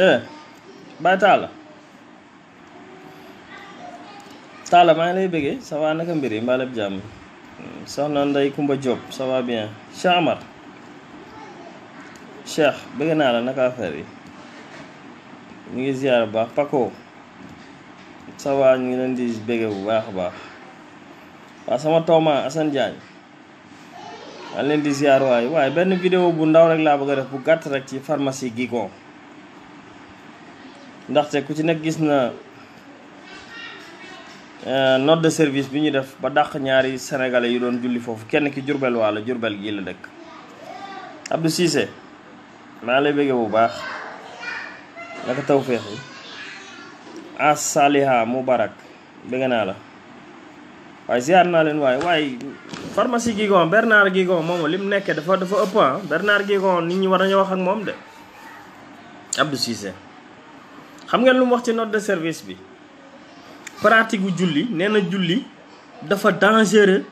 eh Baye Talla Talla maa ngi lay bëggee ça va naka mbir yi mbaa lépp jàmm soxna Ndey Kumba Diop ça va bien Cheikh Amar Cheikh bëgg naa la naka affaire yi ñu ngi ziar bu baax Paco ça ñu ngi leen di bëggee bu baax baax waaw sama tooma Assane Diagne maa leen di ziar waay waaye benn vidéo bu ndaw rek laa bëgga a def bu gàtt rek ci pharmacie Guigo ndaxte ku ci nekk gis na euh, note de service bi ñu def ba dàq ñaari sénégalais yi doon julli foofu kenn ki jurbel waa la jurbel gii la dëkk Abdou Cissé maa lay bëggee bu baax naka taw feexi as saliha mubarak bëgg naa la waaye ziar naa leen waaye waaye pharmacie Guigon Bernard Guigon moom li mu nekkee dafa dafa ëpp ah Bernard Guigon nit ñi war a nañoo wax ak moom de Abdou Cissé xam ngeen lu mu wax ci note de service bi pratique gu julli nee na julli dafa dangereux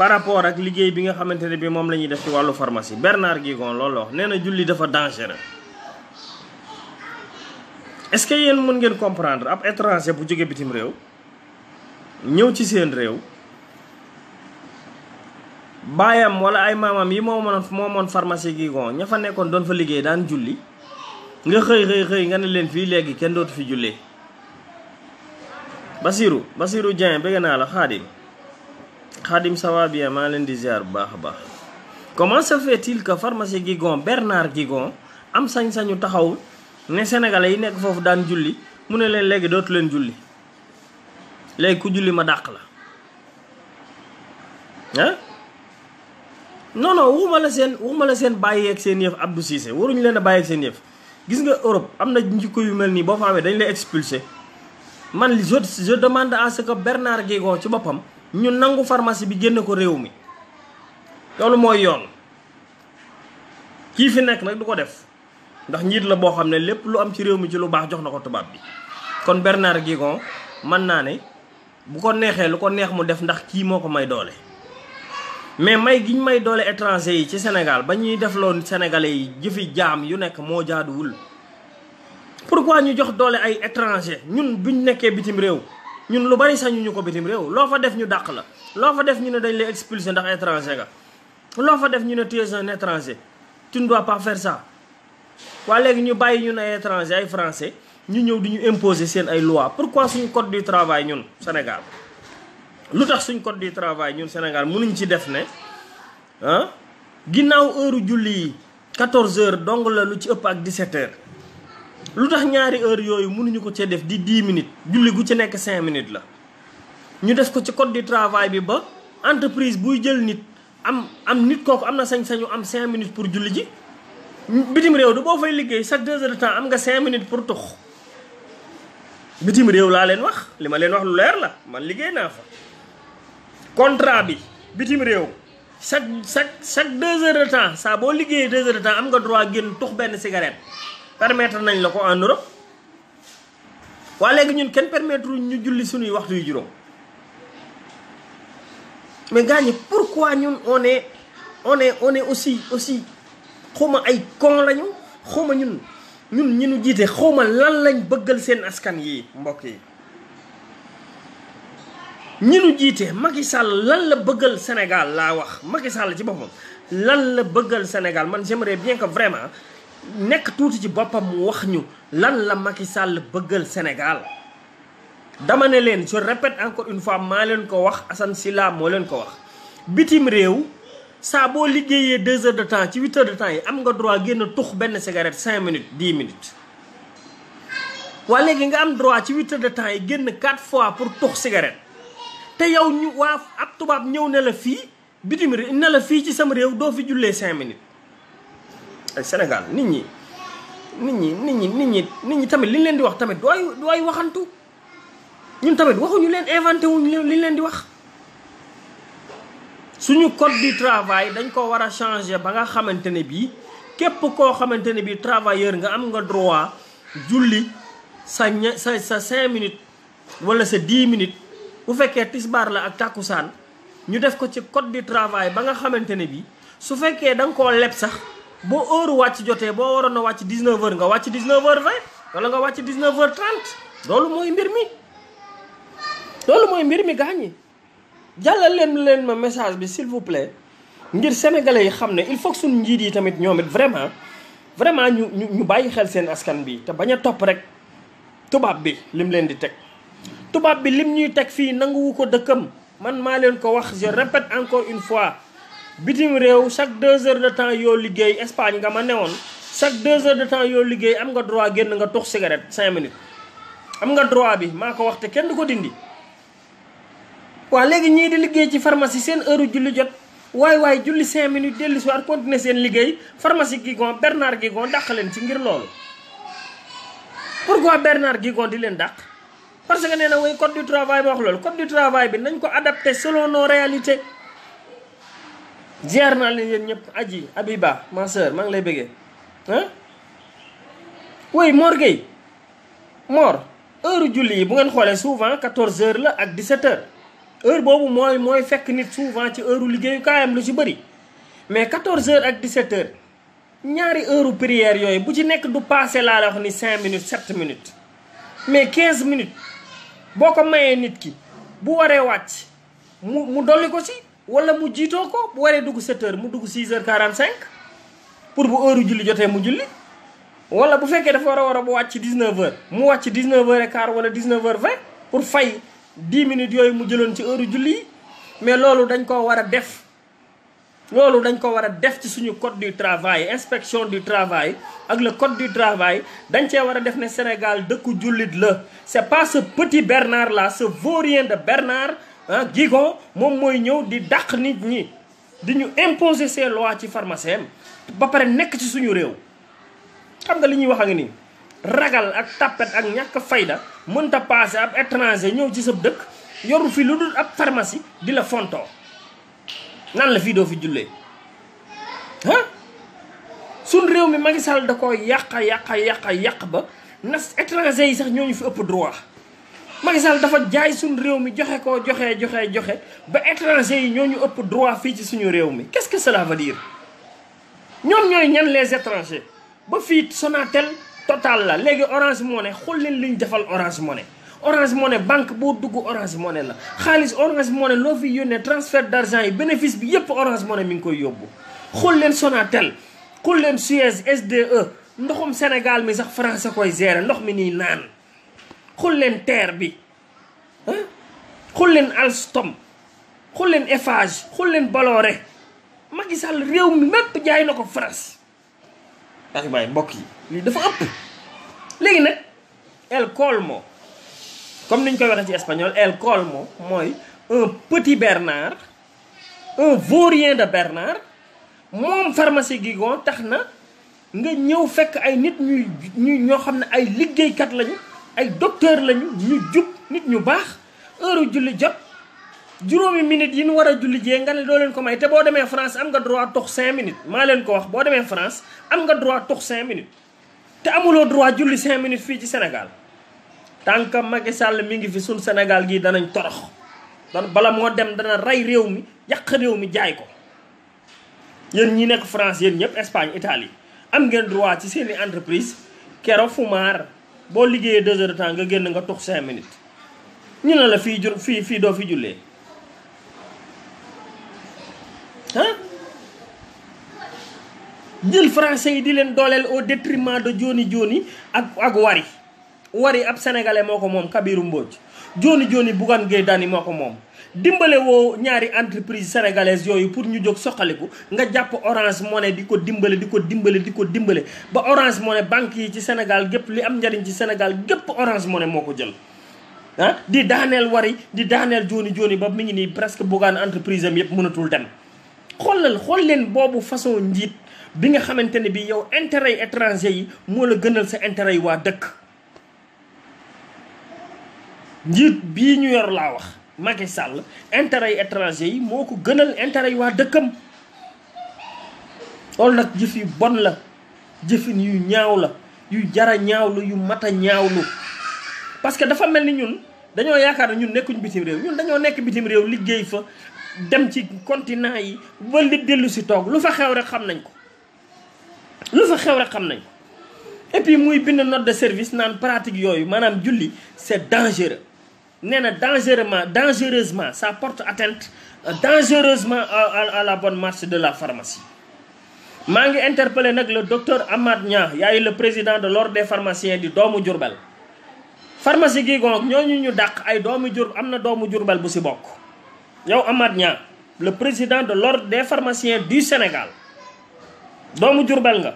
par rapport ak liggéey bi nga xamante ne bi moom la ñuy def ci wàllu pharmacie Bernard Guigon loolu la wax nee julli dafa dangereux est-ce que yéen mën ngeen comprendre ab étranger bu jóge bitim réew ñëw ci seen réew baayam wala ay maamam yi moo moon moo moon pharmacie Guigon ña fa nekkoon doon fa liggéey daan julli nga xëy xëy xëy nga ne leen fii léegi kenn dootu fi jullee Basiru Basiru Dieng bëgg naa la Xaadim Xaadim ça bi bien maa leen di ziar bu baax a baax comment se fait-il que pharmacie Guigon Bernard Guigon am sañ-sañu taxaw ne senegal yi nekk foofu daan julli mu ne leen léegi dootu leen julli léegi ku julli ma dàq la ah non non waxuma la seen waxuma la seen bàyyi ak seen yëf Abdou Cissé waruñu leen a bàyyi ak seen yëf gis nga Europe am na njikko yu mel nii boo fa amee dañ lay expulsé man li je je demande à ko que Bernard Guégon ci boppam ñu nangu pharmacie bi génn ko réew mi loolu mooy yoon kii fi nekk nag du ko def ndax njiit la boo xam ne lépp lu am ci réew mi ci lu baax jox na ko tubaab bi kon Bernard Guégon mën naa ne bu ko neexee lu ko neex mu def ndax kii moo ko may doole mais may giñ may doole étranger yi ci Sénégal ba ñuy def loon sénégalais yi jëfi jaam yu nekk moo pour pourquoi ñu jox doole ay étranger ñun buñ nekkee bitim réew ñun lu bari sañu ñu ko bitim réew loo fa def ñu dàq la loo fa def ñu ne dañ lay expulser ndax étranger nga loo fa def ñu ne tu un étranger tu ne dois ça waa léegi ñu bàyyi ñun ay étranger ay français ñu ñëw di ñu imposer seen ay loi pourquoi suñu code du travail ñun Sénégal lu tax suñ code du travail ñun Sénégal mënuñ ci def ne ah ginnaaw heure julli yi 14 heures dong la lu ci ëpp ak 17 heures lu tax ñaari heure yooyu mënuñu ko cee def di 10 minutes julli gu ci nekk cinq minutes la ñu des ko ci code du travail bi ba entreprise buy jël nit am am nit kooku am na sañ-sañu am cinq minutes pour julli ji bitim réew du boo fay liggéey chaque 2 heures de temps am nga 5 minutes pour tux bitim réew laa leen wax li ma leen wax lu leer la man liggéey naa fa. contrat bi bitim réew chaque chaque chaque deux heures de temps saa boo liggéeyee deux heures de temps am nga droit génn tux benn cigarette permettre nañ la ko en Europe waa léegi ñun kenn permettre ñu julli suñuy waxtu yu juróom mais gars ñi pourquoi ñun one one on est on est aussi aussi xawma ay con lañu xawma ñun ñun ñu nu jiite xawma lan lañ bëggal seen askan yi mbokk yi. ñi nu jiite Macky Sall lan la bëggal Sénégal laa wax Macky Sall ci boppam lan la bëggal Sénégal man j'aimerais bien ko vraiment nekk tuuti ci boppam mu wax ñu lan la Macky Sall bëggal Sénégal. dama ne leen je répète encore une fois maa leen ko wax Assane Sylla moo leen ko wax bitim réew saa boo liggéeyee deux heures de temps ci huit heures de temps yi am nga droit génn tux benn cigarette cinq minutes dix minutes. waa léegi nga am droit ci huit heures de temps yi génn quatre fois pour tux cigarette. te yow ñu waa ab tubaab ñëw ne la fii bitim réew ne la fii ci sama réew doo fi jullee cinq minutes ay Sénégal nit ñi nit ñi nit ñi nit ñi nit ñi tamit li ñu leen di wax tamit dooy dooy waxantu ñun tamit waxuñu leen inventé wuñ li leen di wax suñu code du travail dañ ko war a changer ba nga xamante ne bii képp koo xamante ne bii travailleur nga am nga droit julli sa ña sa sa cinq minutes wala sa dix minutes bu fekkee tisbaar la ak tàkkusaan ñu def ko ci code du travail ba nga xamante ne bi su fekkee da nga koo leb sax boo heure wàcc jotee boo waroon a wàcc 19h nga wàcc 19h20 wala nga wàcc 19h30 loolu mooy mbir mi loolu mooy mbir mi gaañ yi jàllal leen leen ma message bi s'il ngir sénégalais yi xam ne il faut que njiit yi tamit ñoom it vraiment vraiment ñu ñu bàyyi xel seen askan bi te bañ a topp rek tubaab bi lim leen di teg. tubaab bi lim ñuy teg fii nanguwu ko dëkkam man maa leen ko wax je répète encore une fois bitim réew chaque deux heures de temps yoo liggéey Espagne nga ma ne woon chaque deux heures de temps yoo liggéey am nga droit génn nga tux cigarette cinq minutes am nga droit bi maa ko wax te kenn du ko dindi waa léegi ñii di liggéey ci pharmacie seen heure julli jot waay waay julli cinq minutes dellu soir continuer seen liggéey pharmacie Guigon Bernard Guigon dàq leen ci ngir loolu pourquoi Bernard Guigon di leen dàq parce que nee na way code du travail ba wax loolu code du travail bi nañ ko adapté solo nos réalité ziar naa leen yéen ñëpp aji Abiba ma sœur maa ngi lay bëggee ah way Mor Gueye Mor heure julli yi bu ngeen xoolee souvent 14 heures la ak 17 heures heure boobu mooy mooy fekk nit souvent ci heure liggéeyukaayam lu ci bëri mais 14 heures ak 17 heures ñaari heure prière yooyu bu ci nekk du passé laa la wax ni 5 minutes 7 minutes mais 15 minutes boo ko mayee nit ki bu waree wàcc mu mu dolli ko si wala mu jiitoo ko bu waree dugg 7 mu dugg 6 quarante cinq pour bu heure julli jotee mu julli wala bu fekkee dafa war a war a bu wàcc 19 heures mu wàcc 19 heures et quart wala 19 heures 20 pour fay 10 minutes yooyu mu jëloon ci heure julli yi mais loolu dañ koo war a def loolu dañ ko war a def ci suñu code du travail inspection du travail ak le code du travail dañ cee war a def ne Sénégal dëkku jullit la c'est pas ce petit Bernard la ce vaurien de Bernard ah moom mooy ñëw di dàq nit ñi di ñu imposer ces lois ci pharmacien ba pare nekk ci suñu réew xam nga li ñuy wax a ngi nii ragal ak tappet ak ñàkk fayda mënta paase ab étranger ñëw ci sa dëkk yoru fi lu dul ab pharmacie di la fontoo nan la fii doo fi jullee ah suñ réew mi Macky Sall da ko yàq yàq yàqa yàq ba nas étranger yi sax ñu fi ëpp droit Macky Sall dafa jaay suñ réew mi joxe ko joxe joxe joxe ba étranger yi ñoo ñu ëpp droit fii ci suñu réew mi qu'est-ce que cela veut dire ñoom ñooy ñan les étrangers ba fii Sonatel Total la léegi Orange Money xool leen li ñu defal Orange Money orange money banque boo dugg orange money la xaalis orange money loo fi yónnee transfert d' argent yi bénéfice bi yépp orange money mi ngi koy yóbbu xool leen Sonatel xool leen Suez SDE ndoxum Sénégal mi sax français koy gérer ndox mi nii naan xool leen terre bi ah xool leen Alstom xool leen Eiffage xool leen Bolloré Macky Sall réew mi mépp jaay na ko France ndax mbokk yi lii dafa ëpp léegi nag El Colmo comme ni ñu koy waxee ci espagnol el colmo mooy un petit bernard un vaurien de bernard moom pharmacie Guigon tax na nga ñëw fekk ay nit ñuy ñu ñoo xam ne ay liggéeykat lañu ay docteur lañu ñu jub nit ñu baax heure julli jot juróomi minutes yi nu war a julli jee nga ne doo leen ko may te boo demee France am nga droit tux 5 minutes maa leen ko wax boo demee France am nga droit tux 5 minutes te amuloo droit julli 5 minutes fii ci Sénégal tant que Macky Sall mi ngi fi suñ senegal gii danañ torox dan bala moo dem dana rey réew mi yàq réew mi jaay ko yéen ñi nekk France yéen ñëpp Espagne Italie am ngeen droit ci seeni entreprise kero fumaar boo liggéeyee deux heures de temps nga génn nga tux cinq minutes ñu ne la fii jur fii fii doo fi jullee ah jël français yi di leen dooleel au détriment de joni joni ak ak wari war wari ab sénégalais moo ko moom Kabiru Mbodj jooni jooni Bougane Gueye Dany moo ko moom dimbale woo ñaari entreprise sénégalaise yooyu pour ñu jóg soqaliku nga jàpp Orange Money di ko dimbale di ko dimbale di ko dimbale ba Orange Money banque yi ci Sénégal gépp li am njariñ ci Sénégal gépp Orange moo Money moo ko jël ah di daaneel wari di daaneel jooni jooni ba mi ngi nii presque Bougane entreprise am yëpp mënatul dem xoolal xool leen boobu façon njiit bi nga xamante ne bi yow intérêt étranger yi moo la gënal sa intérêt yi waa dëkk njiit bii ñu yor laa wax Macky Sall intérêt yi étranger yi moo ko gënal intérêt yi waa dëkkam loolu nag jëf bon la jëfin yu ñaaw la yu jara ñaawlu yu mat ñaaw ñaawlu parce que dafa mel ni ñun dañoo yaakaar ne ñun nekkuñu bitim réew ñun dañoo nekk bitim réew liggéey fa dem ci continant yi ba li dellu si toog lu fa xew rek xam nañ ko lu fa xew rek xam nañ ko et puis muy bind note de service naan pratique yooyu maanaam julli c'est dangereux nee na dangereusement dangereusement ça porte atteinte euh, dangereusement à la bonne marche de la pharmacie maa ngi interpellé nag la docteur Amath Niang yaay le président de l'ordre de pharmaciens di doomu Diourbel pharmacie gi goog ñooñu ñu ñu dàq ay doomu jur am na doomu Diourbel bu ci bokk yow Amath Niang le président de l'ordre des pharmaciens du Sénégal doomu Diourbel nga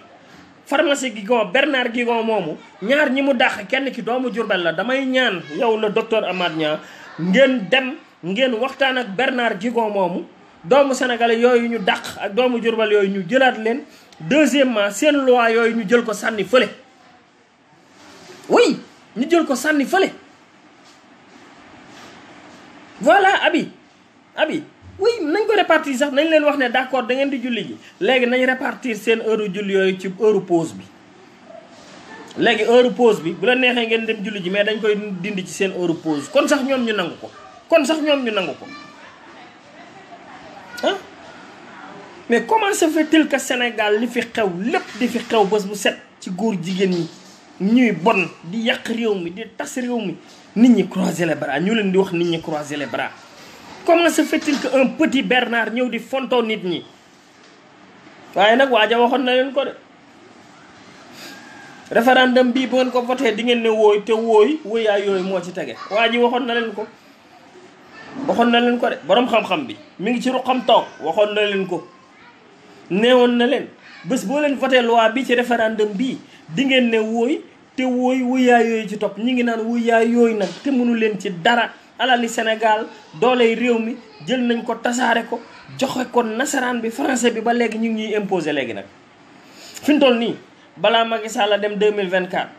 pharmacie Guigon Bernard Guigon moomu ñaar ñi mu dàq kenn ki doomu Jurbel la damay ñaan yow la docteur Amath Niang ngeen dem ngeen waxtaan ak Bernard Guigon moomu doomu senegal yooyu ñu dàq ak doomu Jurbel yooyu ñu jëlaat leen deuxièmement seen loi yooyu ñu jël ko sànni fële oui ñu jël ko sànni fële voilà abi abi oui nañ ko répartir sax nañ leen wax ne d'accord da ngeen di julli ji léegi nañu répartir seen heure julli yooyu ci heure pause bi léegi heure pause bi bu la neexee ngeen dem julli ji mais dañ koy dindi ci seen heure pause kon sax ñoom ñu nangu ko kon sax ñoom ñu nangu ko ah mais comment se fait Sénégal li fi xew lépp di fi xew bés bu set ci góor jigéen ñi ñuy bon di yàq réew mi di tas réew mi nit ñi croiser les bras ñu leen di wax nit ñi croiser les bras comment se fait-il que un petit Bernard ñëw di fontoo nit ñi waaye nag waaja waxoon na leen ko de référendum bii bu ngeen ko voté di ngeen ne wooy te wooy yooyu moo ci tege waa ji waxoon na leen ko waxoon na leen ko de borom bi mi ngi ci ruqam toog waxoon na leen ko neewoon na leen bés boo leen voté loi bi ci référendum bii di ngeen ne wooy te wooy wóoyaay yooyu ci topp ñu ngi naan wóoyaay yooyu nag te mënu leen ci dara alali Sénégal dooley réew mi jël nañ ko tasaare ko joxe ko nasaraan bi français bi ba léegi ñu ngi ñuy imposer léegi nag. fi mu toll nii balaa Macky Sall dem mille 2024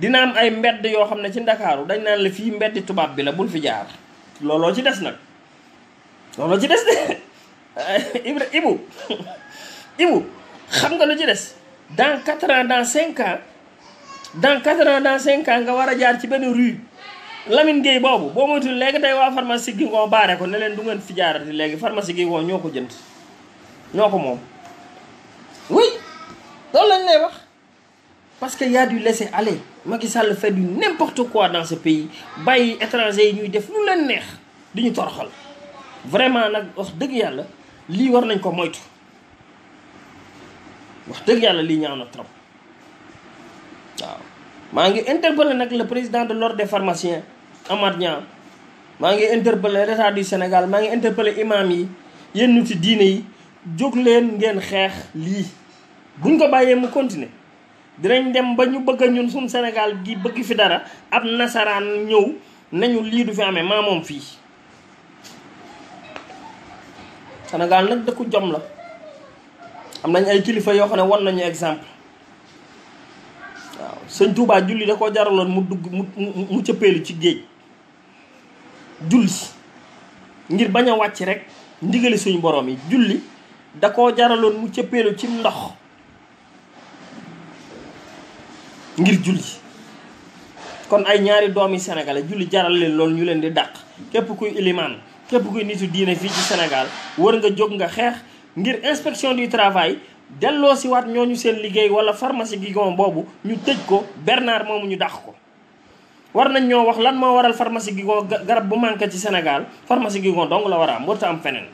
dina am ay mbedd yoo xam ne ci ndakaaru dañ naan la fii mbeddi tubaab bi la bul fi jaar looloo ci des nag looloo ci des de Ibra Ibu Ibu xam nga lu ci des dans 4 ans dans 5 ans dans 4 ans dans 5 ans nga war a jaar ci benn rue. Lamine Gueye boobu boo moytu léegi tey waa pharmacie Gingo baare ko ne leen du ngeen fi jaarati léegi pharmacie Gingo ñoo ko jënd ñoo ko moom oui loolu lañ lay wax parce que y a du laisser aller Macky Sall fait du n'importe quoi dans ce pays bàyyi étranger yi ñuy def lu leen neex di ñu toroxal vraiment nag wax dëgg yàlla lii war nañ ko moytu wax dëgg yàlla lii ñaaw na trop waaw maa ngi interpellé nag la président de l'ordre des pharmaciens Amath Niang maa ngi interpellé l'état du Sénégal maa ngi interpellé imam yi yéen ñu ci diine yi jóg leen ngeen xeex lii buñ ko bàyyee mu continuer dinañ dem ba ñu bëgg a ñun suñu Sénégal gi bëgg fi dara ab nasaraan ñëw nañu lii du fi amee maa moom fii Sénégal nag dëkku jom la am nañ ay kilifa yoo xam ne wan nañu exemple waaw sëñ Touba julli da koo jaraloon mu dugg mu mu cëppeelu ci géej julli ngir bañ a wàcc rek ndigali suñu borom yi julli da koo jaraloon mu cëppeelu ci ndox ngir julli kon ay ñaari doomi sénégalais julli jaral leen loolu ñu leen di dàq képp kuy ilimaan képp kuy nitu diine fii ci senegal war nga jóg nga xeex ngir inspection du travail delloo si ñoo ñu seen liggéey wala pharmacie gi boobu ñu tëj ko Bernard moomu ñu dàq ko war nañ ñoo wax lan moo waral pharmacie gi ko garab bu manqué ci Sénégal pharmacie gi ko dong la war a am warta am feneen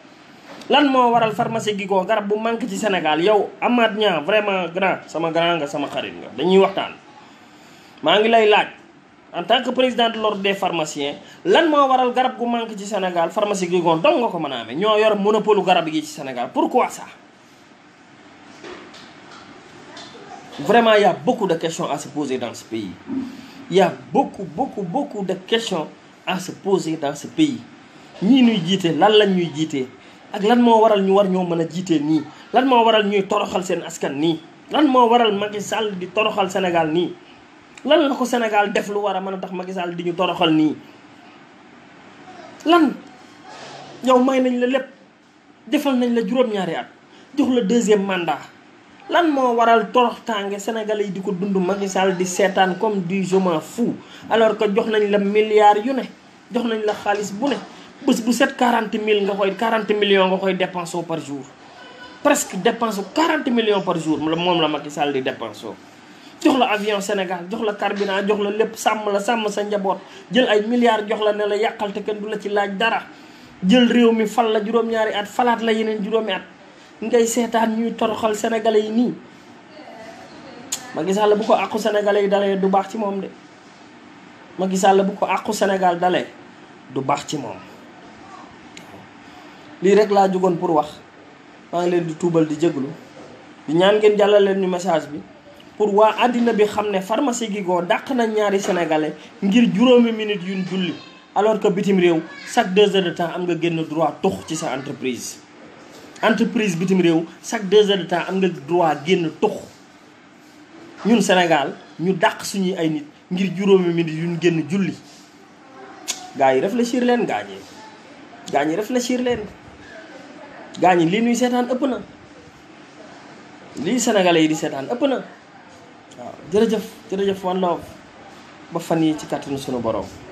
lan moo waral pharmacie gi ko garab bu manqué ci Sénégal yow amaat Niang vraiment grand sama grand nga sama xarit nga dañuy waxtaan maa ngi lay laaj en tant que président de l'ordre des pharmaciens lan moo waral garab gu manqué ci Sénégal pharmacie gi ko dong nga ko mën a amee ñoo yor monopole garab gi ci Sénégal pourquoi ça vraiment y a beaucoup de questions à se poser dans ce il bokk bokk bokk def question de questions à se dans ce pays ñii ñuy jiite lan lañ ñuy jiitee ak lan moo waral ñu war ñoo mën a jiite nii lan moo waral ñuy toroxal seen askan nii lan moo waral Macky Sall di toroxal Sénégal nii lan la ko Sénégal def lu war a mën a tax Macky Sall di ñu toroxal nii lan yow may nañ la lépp defal nañ la juróom-ñaari at jox la deuxième mandat lan moo waral toroxtaange sénégalais yi di ko dund Macky Sall di seetaan comme du je m'en alors que jox nañ la milliards yu ne jox nañ la xaalis bu ne bu set quarante mille nga koy quarante millions nga koy dépensé par jour. presque dépensé quarante million par jour moom la Macky Sall di dépensé jox la avion Sénégal jox la carburant jox la lépp sàmm la sàmm sa njaboot jël ay milliards jox la ne la yàqal te kenn du la ci laaj dara jël réew mi fal la juróom-ñaari at falaat la yeneen juróomi ngay seetaan ñuy toroxal sénégalais yi nii Macky Sall bu ko àqu sénégalais yi dalee du baax ci moom de Macky Sall bu ko àqu Sénégal dalee du baax ci moom lii rek laa jugoon pour wax maa ngi leen di tuubal di jéglu di ñaan ngeen jàllale leen ñu message bi pour waa àddina bi xam ne pharmacie Guigo dàq nañ ñaari sénégalais ngir juróomi minutes yuñ julli alors que bitim réew chaque deux heures de temps am nga génn droit tux ci sa entreprise entreprise bitim réew chaque deux heures de temps am nga droit génn tux ñun Sénégal ñu dàq suñuy ay nit ngir juróomi minute yu ñu génn julli gaa yi réfléchir leen gaa ñi gaa ñi réfléchir leen gaa ñi lii ñuy seetaan ëpp na lii sénégalais yi di seetaan ëpp na waaw jërëjëf jërëjëf one love ba fan yi ci kàttanu sunu borom.